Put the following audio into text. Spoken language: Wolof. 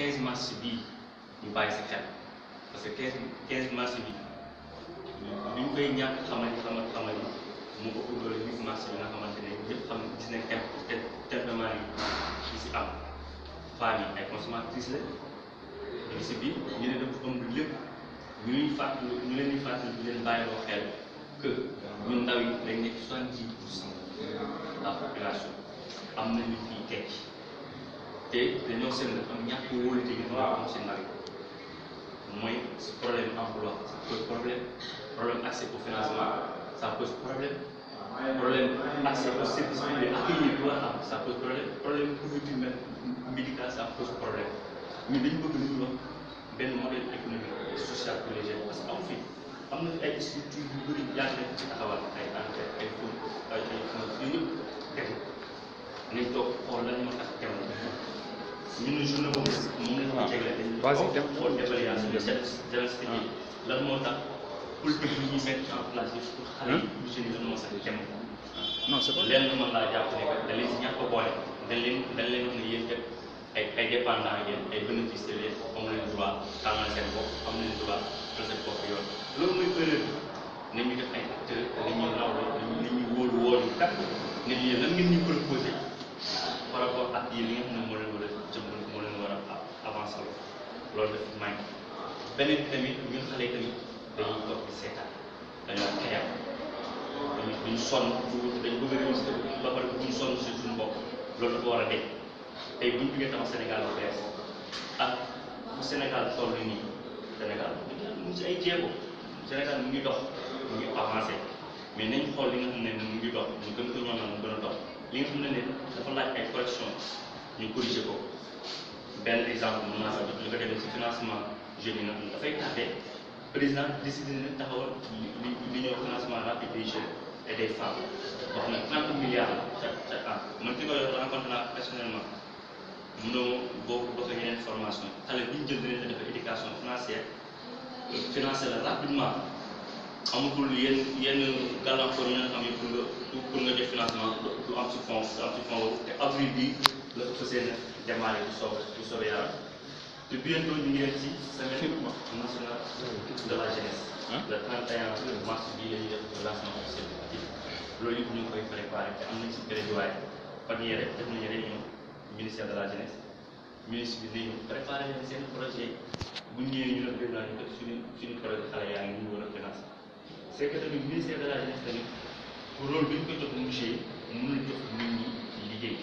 15 mars bi ñu bàyyi si xel parce que 15 15 mars ñu koy ñàkk xamal xamal xamal moo ko ëpp doole 8 mars bi nga xamante ne ñëpp xam gis nañ tem te traitement si am femmes yi ay consommatrices la li si biir ñu ne dafa ëmb lépp ñu leen fàttali ñu leen di fàttali di leen bàyyiloo xel que ñun ndaw yi dañ nekk pour cent la population am na ñu fiy teg. te dañoo seetlu am ñàkk wóolute gi nga am seen mari mooy problème emploi ça pose problème problème financement ça pose problème problème accès au service public accueillir bi war a am ça pose lu wax benn modèle social collégial parce que am fi am na ay structure yu bëri jaar nañ ci taxawal ay enquête ay fonds ay ay fonds ñun journée boobu moom la ñu ko jagleel dañu. base bi dem foofu évaluation de diagnostic yi lan moo tax politique yi ñuy mettre en place yi pour xale yi ñu jeunes yi lan moo sax jëm non c'est bon lenn mën laa jàpp ne dañ leen si ñàkk a boole dañ leen dañ leen wax ne yéen kat ay ay dépendant ngeen ay bénéficiaires ngeen am nañu droit tànnal seen bopp am nañu droit jël seen bopp yoon loolu mooy erreur bi nañu def ay acteurs li ñuy nawle li ñuy wóolu wóolu kat ne yéen lan ngeen ñu proposé par rapport ak yéen li nga xam ne moo leen loolu dafa manqué beneen bi tamit ñun xale yi toog di seetaan dañoo xeex dañu duñ sonn dañ bëgg a ba pare duñ sonn si suñu bopp loolu dafa war a dee tey buñ jugee tam Sénégal bu bees ak bu Sénégal nii Sénégal mu ngi mu ngi dox mu ngi avancé mu ngi dox ñu mu gën ne ne dafa laaj ay correction ñu corrigé benn exemple mën naa sax jox li ko demee ci financement jeunes yi nga xam ne dafay tardé président décidé na taxawal li li li ñuy wax financement rapide des jeunes et des femmes wax na 30 milliards chaque chaque an man ki ko yor rencontre naa personnellement mënoo boo ko doxee yeneen formation xale bi ñu jël dinañ la defal éducation financière financer la rapidement. amatul yenn yenn gàllankoor yi nga xam ne pour nga pour financement du am si fond du am si fond te avril bi la ko de la seen projet bu ñu ñëwee ñu yaa ngi ñu war c' est que tamit ministère de la jeunesse tamit rôle bi ñu ko jox monsieur yi mënul jox nit ñi liggéey.